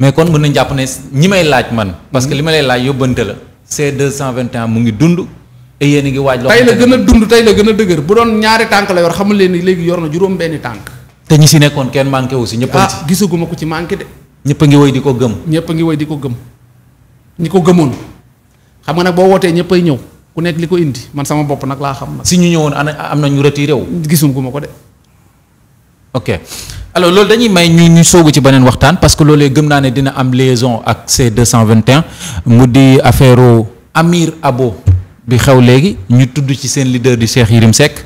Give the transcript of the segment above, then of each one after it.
mais kon mën nañ jàpp ne ñi may laaj man. parce que mm-hmm. li ma lay laaj yóbbante la. C221 mu ngi dund. et yéen a ngi waaj. loo tey la gën a dund tey la gën a dëgër bu doon ñaari tànk la yor xamal leen ni léegi yor na juróom benni tànk. te ñi si nekkoon kenn manqué si ñëpp a. ah gisaguma ko ci manqué de. ñëpp a ngi woy di ko gëm. ñëpp ngi woy di ko gëm. ñi ko gëmoon xam nga nag boo wootee ñëpp ay ñëw ku nekk li ko indi man sama bopp nag laa xam. si ñu ñëwoon am na ñu retiré wu. gisum gu ma ko de. alors loolu dañuy may ñu ñu soogu ci beneen waxtaan parce que loolee gëm naa ne dina am liaison ak C221 mu di affaire Amir Abo bi xew léegi ñu tudd ci seen leader di seex Yérim sekk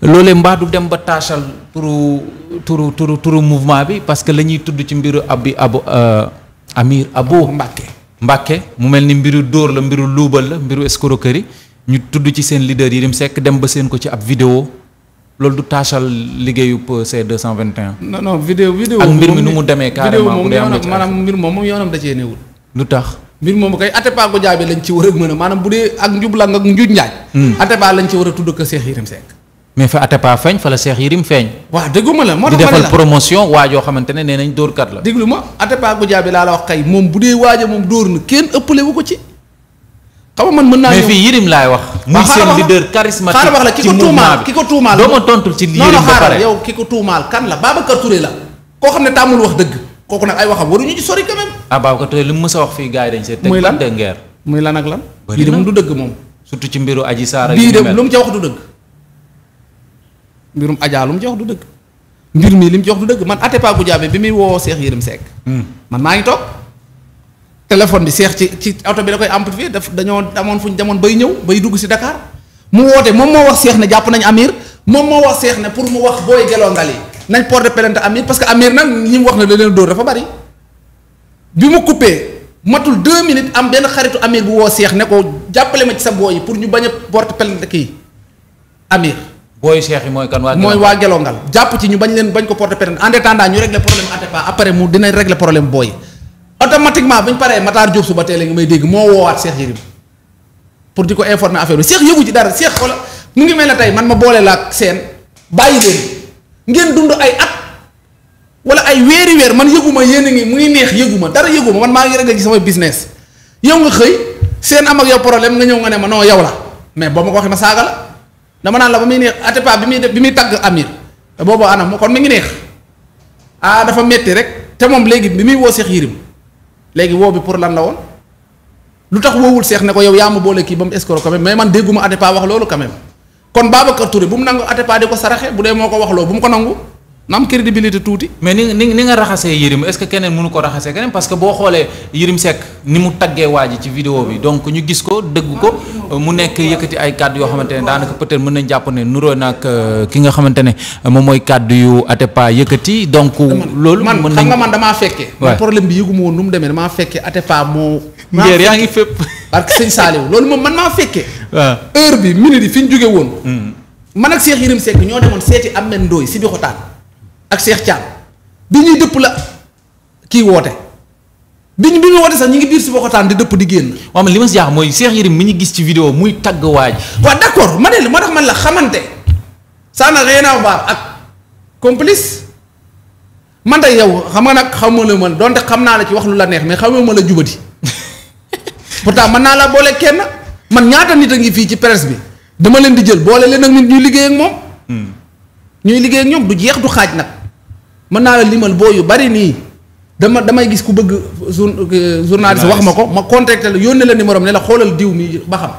loolee mbaa dem ba taachal turu tour tour tour mouvement bi parce que lañuy tudd ci mbiru abi Abo euh, Amir Abo Mbacké Mbacké mu mel ni mbiru dóor la mbiru luubal la mbiru escroquerie ñu tudd ci seen leader Yérim sekk dem ba seen ko ci ab vidéo loolu du taasal liggéeyu C221. non non vidéo vidéo ak mbir mi nu mu demee carrément bu dee mbir moom moom yoonam da cee lu tax. mbir moomu kay Atépa Goudiaby lañ ci war a mën a maanaam bu dee ak njublang ak njuuj njaaj. Hmm. Atépa lañ ci war a tudd ko Cheikh Yérim Seck. mais fa Atépa feeñ fa la Cheikh feeñ. waaw dégguma la moo tax di defal promotion waa xamante ne nee nañ dóorkat la. déglu ma Atépa Goudiaby laa la wax bu dee waaja ko ci. xam man mën naa mais fii Yérim laay wax. muy seen leader charismatique xaaral wax la ki ko tuumaal ki ko tuumaal. doo ma tontul ci Yérim ba pare yow ki kan la Babacar Touré la. koo xam ne tàmmul wax dëgg. kooku nag ay waxam waruñu ci sori quand même. ah Babacar a wax fii gars yi dañ see. muy lan teg muy lan ak lan. bëri na du dëgg moom. surtout ci mbiru Adji Sarr bii dem lu mu ca wax du dëgg. mbirum Adja lu mu ca wax du dëgg. mbir mii li mu ci wax du dëgg man Atépa Goudiaby bi muy woo Cheikh Yérim Seck. Hmm. man naa ngi toog téléphone bi seex ci ci oto bi da koy amplifier daf dañoo amoon fu ñu demoon bay ñëw bay dugg si Dakar mu woote moom moo wax seex ne jàpp nañ Amir moom moo wax seex ne pour mu wax booy gelongal yi nañ porte plainte Amir parce que Amir nag ñi mu wax ne da leen dóor dafa bari bi mu coupé matul deux minutes am benn xaritu Amir bu woo seex ne ko jàppale ma ci sa booy yi pour ñu bañ a porte plainte kii Amir. booy seex yi mooy kan waa. mooy waa gelongal jàpp ci ñu bañ leen bañ ko porte plainte en attendant ñu régler problème Atepa après mu dinañ régler problème automatiquement bu ñu paree Matar Diop suba teel a ngi may dégg moo woowaat Cheikh Yérim pour di ko informer affaire bi Cheikh yëgu ci dara Cheikh wala mu ngi mel ne tey man ma boole la ak seen bàyyi leen ngeen dund ay at wala ay weeri weer man yëguma yéen a ngi mu ngi neex yëguma dara yëguma man maa ngi rek ci sama business yow nga xëy seen am ak yow problème nga ñëw nga ne ma non yow la mais boo ma ko waxee ma saaga la dama naan la ba muy neex Atepa bi muy def bi muy tàgg Amir boobu anam kon mi ngi neex ah dafa metti rek te moom léegi bi muy woo Cheikh Yérim léegi woo bi pour lan la woon lu tax woowul seex ne ko yow yaa ma boole kii ba mu escroc quand même mais man dégguma Atepa wax loolu quand même kon Babacar Touré bu mu nangu Atepa di ko saraxe bu dee moo ko wax loolu bu mu ko nangu. na am crédibilité tuuti. mais ni nga raxasee Yérim est-ce que keneen mënu ko raxasee keneen parce que boo xoolee Yérim Seck ni mu taggee waa ji ci vidéo bi donc ñu gis ko dëgg ko mu nekk yëkkati ay kàddu yoo xamante ne daanaka peut-être mën nañ jàpp ne nuroo nag euh, ki nga xamante ne moom mooy kàddu yu ate Atepa yëkkati donc. loolu mën nañ xam nga man damaa fekkee. man problème bi yëgu ma woon nu mu demee damaa fekkee Atepa moo. ngeer yaa ngi fépp. parce que sëñ Saliou moom man maa fekkee. waaw bi minute yi fi ñu jóge woon. Mm. man ak Cheikh Yérim sekk ñoo demoon seeti Ahmed Ndoye si bi xotaan ak Cheikh Thiam bi ñuy dëpp la kii woote bi ñu bi ñu woote sax ñu ngi biir si waxtaan di dëpp di génn. waaw man li ma si jaaxal mooy Cheikh Yérim mi ñu gis ci vidéo muy tagg waaj. waaw d' accord ma ne la moo tax man la xamante ça n'a rien à voir ak complice man tey yow xam nga nag xamoo la man donte xam naa la ci wax lu la neex mais xamoo ma la jubati pourtant mën naa la boole kenn man ñaata nit a ngi fii ci presse bi dama leen di jël boole leen ak nit ñuy liggéey moom. Hmm. ñuy liggéey ñoom du jeex du xaaj nag. mën naa la limal boo yu bari nii dama damay gis ku bëgg euh, journaliste wax ma ko ma contacté la yónnee la numéro am ne la xoolal diw mi ba xam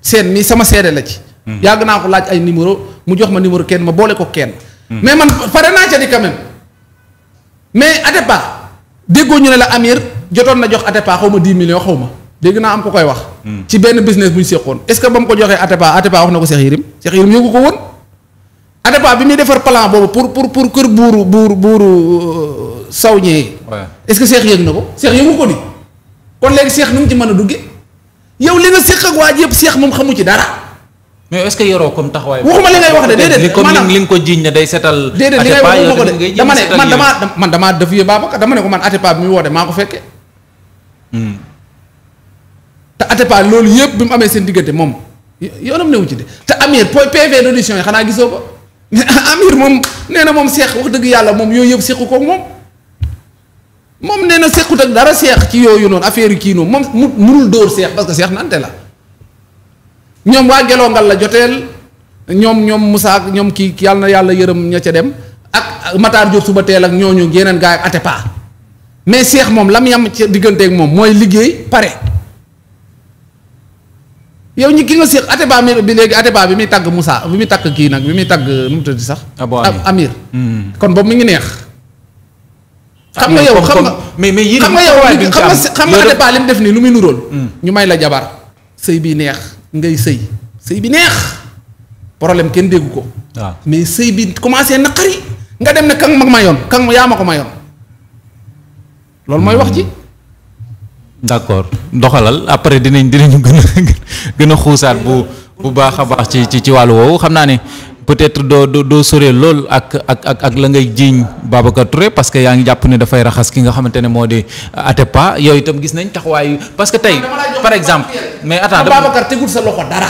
seen mi sama seede la ci. Hmm. yàgg naa ko laaj ay numéro mu jox ma numéro kenn ma boole ko kenn. Hmm. mais man pare naa ca di quand même mais Atepa déggoo ñu ne la Amir jotoon na jox Atepa xaw ma 10 millions xaw ma dégg naa am ko koy wax. Hmm. ci benn business bu ñu seqoon ba mu ko joxee Atepa Atepa wax na ko Cheikh Yérim ko woon. Atepa bi muy defar plan boobu pour pour pour kër buuru buuru buuru euh, saw ñee. est-ce que Cheikh yëg na ko Cheikh yëgu ko ni kon léegi seex nu mu ci mën a dugge yow li nga seq ak waa yëpp seex moom xamu ci dara. mais est que yoroo comme taxawaay. waxuma li ngay wax de déedéet maanaam li nga ko jiiñ ne day setal. déedéet li ngay wax waxuma ko dama ne man damaa man damaa def yu Babacar dama ne ko man Atepa bi muy woote maa ko fekkee. Hmm. te Atepa loolu yëpp bi mu amee seen diggante moom yoonam newu ci de te Amir PV d'audition yi xanaa gisoo ko. Amir moom nee na moom seex wax dëgg yàlla moom yooyu yëpp seexu ko moom moom nee na sequt ak dara seex ci yooyu noonu affaire yi kii noonu moom mu munul dóor seex parce seex nante la ñoom waa Gelo ngal la joteel ñoom ñoom Moussa ak ñoom kii yàlla na yàlla yërëm ña ca dem ak Matar Diop suba teel ak ñooñu yeneen gaay ak Atepa mais seex moom lam yam ca digganteek moom mooy liggéey pare. yow ñi ki nga séq Atépa mi bi léegi Atépa bi muy tàgg musa bi muy tàgg kii nag bi muy tàgg nu mu tudd sax. Amir hmm. kon boobu mi ngi neex. xam nga yow xam nga mais mais yéen xam nga yow xam nga xam nga Atépa li def nii lu muy nuróol. Hmm. ñu may la jabar sëy bi neex ngay sëy sëy bi neex problème kenn déggu ko. waaw ah. mais sëy bi commencé naqari nga dem ne kan ma mayoon kan yaa ma ko mayoon loolu mooy wax ji. Hmm. d'accord doxalal après dinañ dinañu gën a gën a xuusaat bu baax a baax ci ci wàll woowu xam naa ne peut-être doo doo doo lool ak ak ak la ngay jiiñ Babacar Touré parce que yaa ngi jàpp ne dafay raxas ki nga xamante ne moo di Atepa yooyu itam gis nañ taxawaayu parce que tey par exemple. mais attends Babacar tegul sa loxo dara.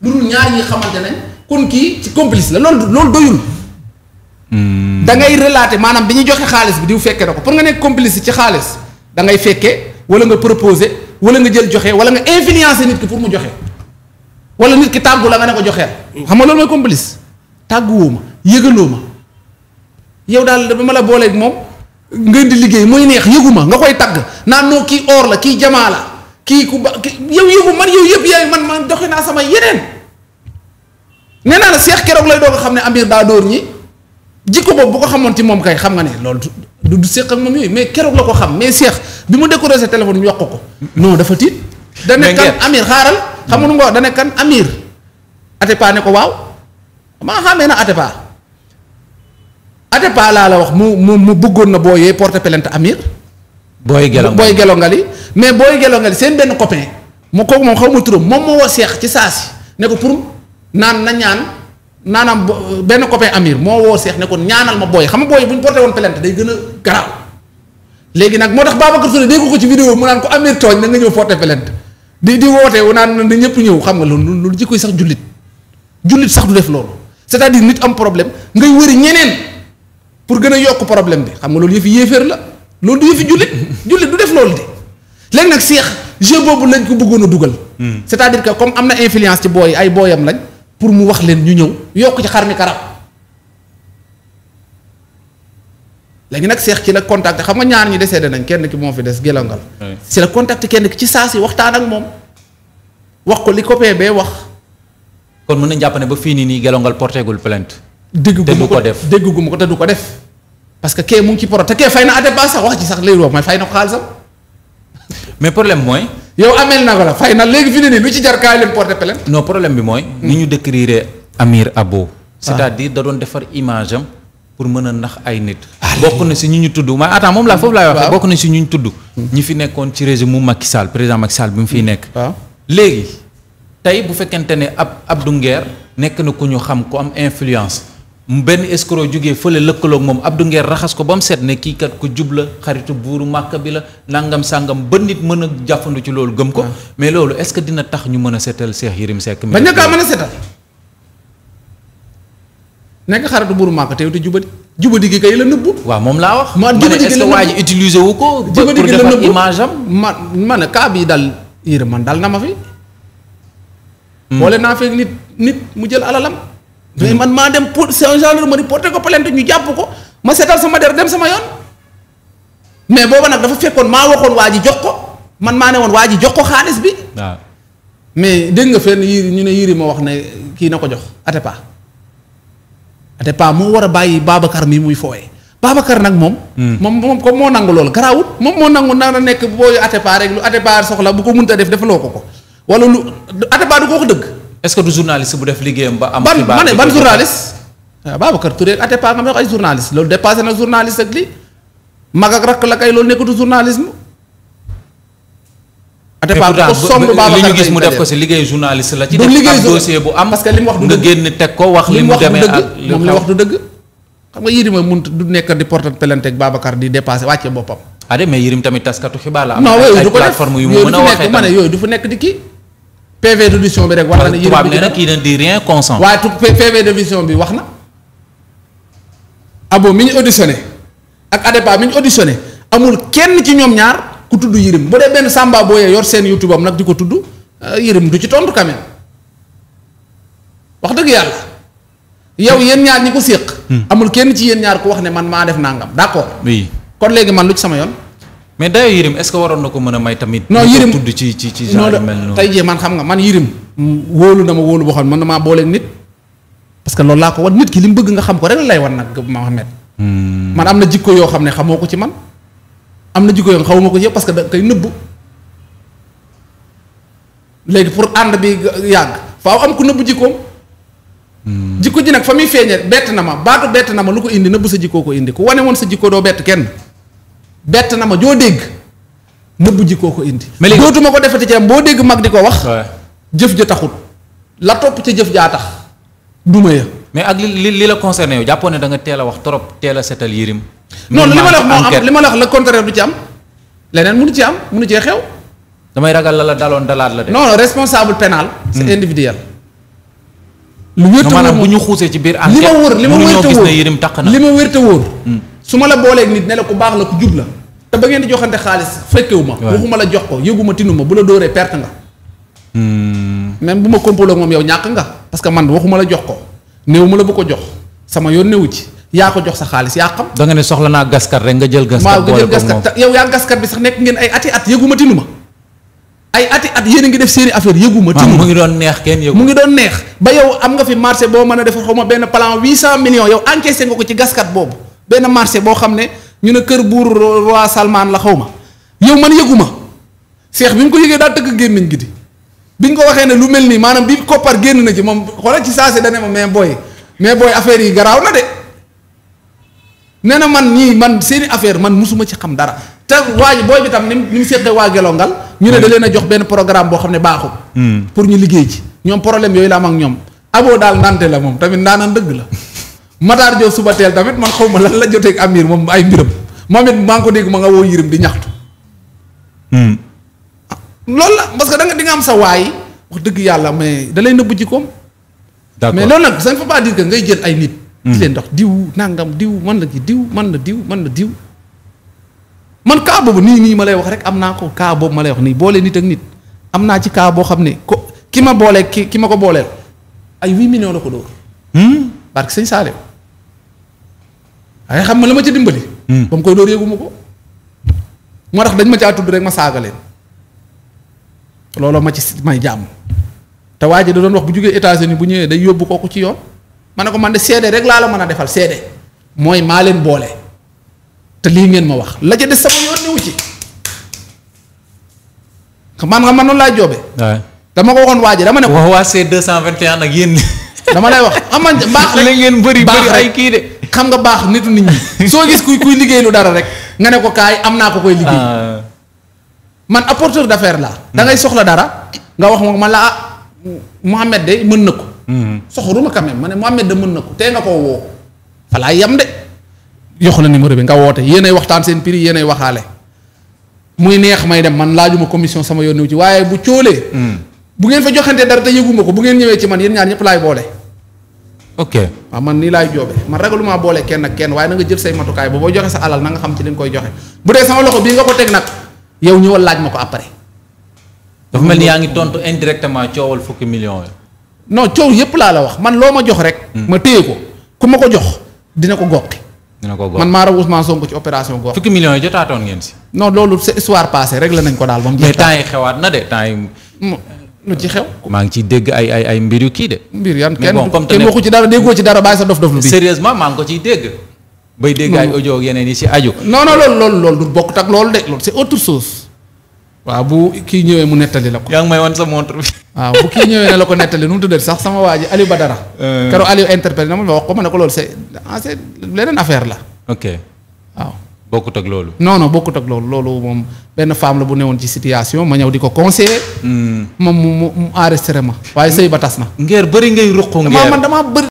lu dul ñaar ñi xamante nañ kon kii ci complice la loolu loolu doyul. Hmm. da ngay relater maanaam bi ñu joxe xaalis bi diw fekkee na ko pour nga nekk complice ci xaalis wala nga proposer wala nga jël joxe wala nga influencer nit ki pour mu joxe wala nit ki tàggu la nga ne ko joxeel. xam nga loolu mooy complice tàgguwoo ma yëgaloo ma yow daal ba ma la booleeg moom ngeen di liggéey mooy neex yëgu ma nga koy tàgg naan noo or la kii jamaa la kii ku ba yow yëgu man yow yëpp yaay man man doxe naa sama yeneen. nee naa la seex keroog lay doog xam ne Amir daa dóor ñi jikko boobu bu ko xamoon ci moom kay xam nga ne loolu du du seq ak moom yooyu mais keroog la ko xam mais seex bi mu décoré sa téléphone ñu yokk ko non dafa tiit. da ne kan Amir xaaral. xam nga nu ma wax da ne kan Amir. Atepa ne ko waaw maa xamee na Atepa Atepa laa la wax mu mu mu bëggoon na booyee porte plainte Amir. booy gelo booy gelo ngali mais booy gelo ngali seen benn copain mu kooku moom xaw ma turam moom moo woo seex ci saa si ne ko pour naan na ñaan. naanaam benn copain Amir moo woo Cheikh ne ko ñaanal ma booy xam ma booy bu ñu porté woon plainte day gën a garaaw léegi nag moo tax Babacar Touré dégg ko ci vidéo mu naan ko Amir tooñ na nga ñëw porté plainte di di woote wu naan na ñëpp ñëw xam nga loolu loolu jikkoy sax jullit jullit sax du def loolu cest à nit am problème ngay wëri ñeneen pour gën a yokk problème bi xam nga loolu yëfi yéeféer la loolu du yëfi jullit jullit du def loolu de léegi nag Cheikh jeu boobu lañ ko bëggoon a dugal. Hmm. c'est-à-dire que comme am na influence ci booy ay booyam lañ. pour mu wax leen ñu ñëw yokk ci xar mi karab léegi nag seex ci la contact xam nga ñaar ñi décédé nañ kenn ki moom fi des gelangal si la contacté kenn ki ci saa si waxtaan ak moom wax ko li copain bee wax. kon mën nañ jàpp ne ba fii nii nii gelangal porté gul plainte. dégg gu ma ko def dégg gu ma ko te du ko def. parce que kee mu ngi ci poro te kee fay na adhé ba sax wax ci sax léegi wax may fay na ko xaalisam. mais problème mooy. yow ameel na ko la fay na léegi fi ne nii lu ci jar kaay leen porter plainte. non problème bi mooy. ni ñu décrire Amir Abo. Ah. c'est-à-dire da doon defar image am pour mën a nax ay nit. bokk na si ñu ñu tudd ma ataam moom laa foofu laay waxee. bokk na si ñu ñu tudd. ñi fi nekkoon ci régime mu Macky Sall président Macky Sall bi mu fiy nekk. Ah. léegi tey bu fekkente ne ab Abdou Nguer nekk na ku ñu xam ku am influence. mu benn escroc jóge fële lëkkaloog moom Abdou Nguer raxas ko ba mu set ne kii kat ko jubla xaritu buuru màkk bi la nangam sàngam ba nit mën a jàppandu ci loolu gëm ko. Ah. mais loolu est-ce que dina tax ñu mën a seetal seex Yérim Seck. mais ñàkk a mën a seetal nekk xaritu buuru màkk te yow te jubadi jubadi gi kay la nëbbu. waaw moom laa wax. ma jubadi gi la nëbbu ma ne est-ce que waa ji utiliser wu ko. jubadi gi la nëbbu pour ma ma ne cas bii daal man daal na ma fi. Hmm. boole naa fekk nit nit mu jël alalam. mais man maa dem pour c'est un gendarmerie porté ko ñu jàpp ko ma seetal sama der dem sama yoon mais booba nag dafa fekkoon maa waxoon waa ji jox ko man maa ne woon waa ji jox ko xaalis bi. Ah. mais dégg nga fenn yiri ñu ne yiri ma wax ne kii na ko jox Atepa Atepa moo war a bàyyi baabakar mi muy fooye Babacar nag moom. Hmm. moom moom comme moo nangu loolu garaawut moom moo nangu na nekk booy Atepa rek lu Atepa soxla bu ko munta def defaloo ko ko wala lu Atepa du ko ko dëgg. est-ce que du journaliste bu def liggéeyam ba. am xibaar ban ban journaliste. waaw ah, Babacar Touré ak Atépa nga may ay journaliste loolu dépassé na journaliste ak lii mag ak rakk la kay loolu nekkatu journalisme. Atépa ko somb Babacar li ñu gis mu def am parce li mu wax du dëgg nga mu du dëgg xam nga Yérim mooy mun du nekk di porter plainte ak Babacar di dépassé wàcce boppam. ah mais Yérim tamit taskatu xibaar la. am ay plateforme yu mu a waxee tamit yooyu du ko nekk nekk di kii PV de bi rek. wax na ne yéen a ngi tubaab ne di rien consent. waaye PV de mission bi wax na. abo mi ñu auditionné ak Adepa miñ ñu amul kenn ci ñoom ñaar ku tudd Yérim bu dee benn Samba Boye yor seen YouTube am nag di ko tudd euh, Yérim du ci tontu quand wax dëgg yàlla yow yéen ñaar ñi ko séq. Hmm. amul kenn ci yéen ñaar ku wax ne man maa def nangam d'accord. oui kon léegi man lu ci sama yoon. mais dayo Yérim est-ce que waroon na ko mën a may tamit. non Yérim tudd ci ci ci genre mel noonu tey jii man xam nga man Yérim. wóolu na ma wóolu boo xam ne mën na maa boole nit. parce que loolu laa ko wan nit ki li mu bëgg nga xam ko rek lay wan nag Mohamed. Hmm. man am na jikko yoo xam ne xamoo ko ci man. am na jikko yoo xawuma ko ci parce que da koy nëbbu. léegi pour ànd bi yàgg faaw am ku nëbbu jikkoom. Hmm. jikko ji nag fa muy feeñee bett na ma baatu bett na ma lu ko indi nëbbu sa jikkoo ko indi ku wane woon sa jikko doo bett kenn. bett na ma joo dégg nëbb ji koo ko indi. mais dootuma ko defati ci boo dégg mag di ko wax. jëf ja taxul la topp ca jëf jaa tax duma ya mais ak li li la concerné yow jàppoon ne da nga teel a wax trop teela a setal yërim. non li ma la wax moo am li ma la wax le contraire du ci am leneen mënu ci am mënu cee xew. damay ragal la daloon dalaat la de. non responsable pénal c'est hmm. individuel. lu wér te wóor maanaam bu ñu xuusee ci biir enquête. li ma wër li ma wër te li ma wër su ma la booleeg nit ne la ku baax la ku jub la te ba ngeen di joxante xaalis fekkewu ma waxuma la jox ko yëguma tinu ma bu la dóoree perte nga hmm. même bu ma kompaloo moom yow ñàkk nga parce que man waxuma la jox ko néew ma la bu ko jox sama yoon newu ci yaa ko jox sa xaalis yaa xam da nga ne soxla naa gaskat rek nga jël gaskat waaw nga jël gaskat yow yaa gaskat bi nekk ngeen ay ati at yëguma ati a ngi def ah, mu ngi doon neex kenn yëgu mu ngi doon neex ba yow am nga fi marché boo mën a def xaw ma benn plan huit cent millions yow encaissé nga gaskat boobu benn marché boo xam ne ñu ne kër buur roi Salman la xaw ma yow man yëgu ma seex bi mu ko yëgee daal tëgg gémmiñ gi di bi ñu ko waxee ne lu mel nii maanaam bi koppar génn na ci moom xoolal ci saa si dane ma mais booy mais booy affaire yi garaaw na de nee na man ñii man seeni affaire man musuma ci xam dara te waaj booy bi tam ni mu ni mu seqee waa gelongal ñu ne da leen a jox benn programme boo xam ne baaxul. Hmm. pour ñu liggéey ci ñoom problème yooyu la ak ñoom. aboo daal ndante la moom tamit ndaanan dëgg la. Matar Diop suba teel tamit man xaw ma lan la joteeg Amir moom ay mbiram moom it ma ngi ko dégg ma nga woo Yirim di ñaxtu. Hmm. loolu la parce que da nga di nga am sa waay wax dëgg yàlla mais da lay nëbbu ci koom. d'accord mais loolu nag ça ne faut pas dire ngay jël ay nit. Hmm. di leen dox diw nangam diw man la ci diw man la diw man la diw. man cas boobu nii nii ma lay wax rek am naa ko kaa boobu ma lay wax nii boolee nit ak nit am naa ci kaa boo xam ne ko ki ma boolee ki ki ma ko booleel ay huit millions la ko dóor. parce hmm. waaye xam nga la ma ci dimbali. Hmm. ba mu koy door yëguma ko. moo tax dañ ma caa tudd rek ma saaga leen looloo ma ci may jàmm te waa ji da doon wax bu jógee États-Unis bu ñëwee day yóbbu kooku ci yoon ma ne ko man de seede rek laa la mën a defal seede mooy maa leen boole te lii ngeen ma wax la de sama yoon newu ci man nga man noonu laa joobe. dama ko waxoon waa ji dama ne ko. waaw waa C221 ak dama lay wax am man baax rek la ngeen bëri bëri ay kii de. xam nga baax nitu nit ñi soo gis kuy kuy liggéey lu dara rek nga ne ko kaay am naa ko koy liggéey ah. man apporteur d'affaires laa da ngay hmm. soxla dara nga wax ma man la ah de mën na ko hmm. soxoruma quand même ma ne Mouhamed de mën na ko tee nga koo woo falaa yam de jox la numéro bi nga woote yéenay waxtaan seen prix yéenay waxaale muy neex may dem man laajuma commission sama yoon ci waaye bu cóolee hmm. bu ngeen fa joxante dara te yëguma ko bu ngeen ñëwee ci man yéen ñaar ñëpp laay boole ok waaw man nii laay joobe man ragaluma boole kenn ak kenn waaye nanga nga jël say matukaay ba boo joxe sa alal na nga xam ci li nga koy joxe bu dee sama loxo bii nga ko teg nag yow ñëwal laaj ma ko après. dafa mel ni yaa ngi tontu indirectement coowal fukki million yi. non coow yëpp laa la wax man loo ma jox rek. Hmm. ma téye ko ku ma ko jox dina ko goqi. dina ko goqi man maa raw Ousmane Sonko ci opération gox. fukki millions yi jotaatoon ngeen si. no loolu c'est histoire passée rek la daal ba mu. mais temps na de lu ci xew. maa ngi ciy dégg ay ay mbir yu kii de. mbir yan kenn kenn waxu ci dara déggoo ci dara bàyyi sa dof dof lu bi sérieusement maa ngi ko ciy dégg. bay dégg ay audio ak yeneen yi ci aju. non non loolu loolu loolu du bokkut ak loolu de loolu c'est autre chose. waaw bu kii ñëwee mu nettali la ko. yaa ngi may wan sa montre bi. waaw bu kii ñëwee ne la ko nettali nu mu tuddati sax sama waa ji Aliou Badara. Euh. keroog Aliou interpellé na ma wax ko ma ne ko loolu c'est ah leneen affaire la. ok waaw. bokkut ak loolu. non non bokkut ak loolu loolu moom benn femme la bu newoon ci situation ma ñëw di ko conseiller. Hmm. moom mu mu mu ma. waaye sëy ba tas na. ngeer bëri ngay ruq ngeer man damaa bëri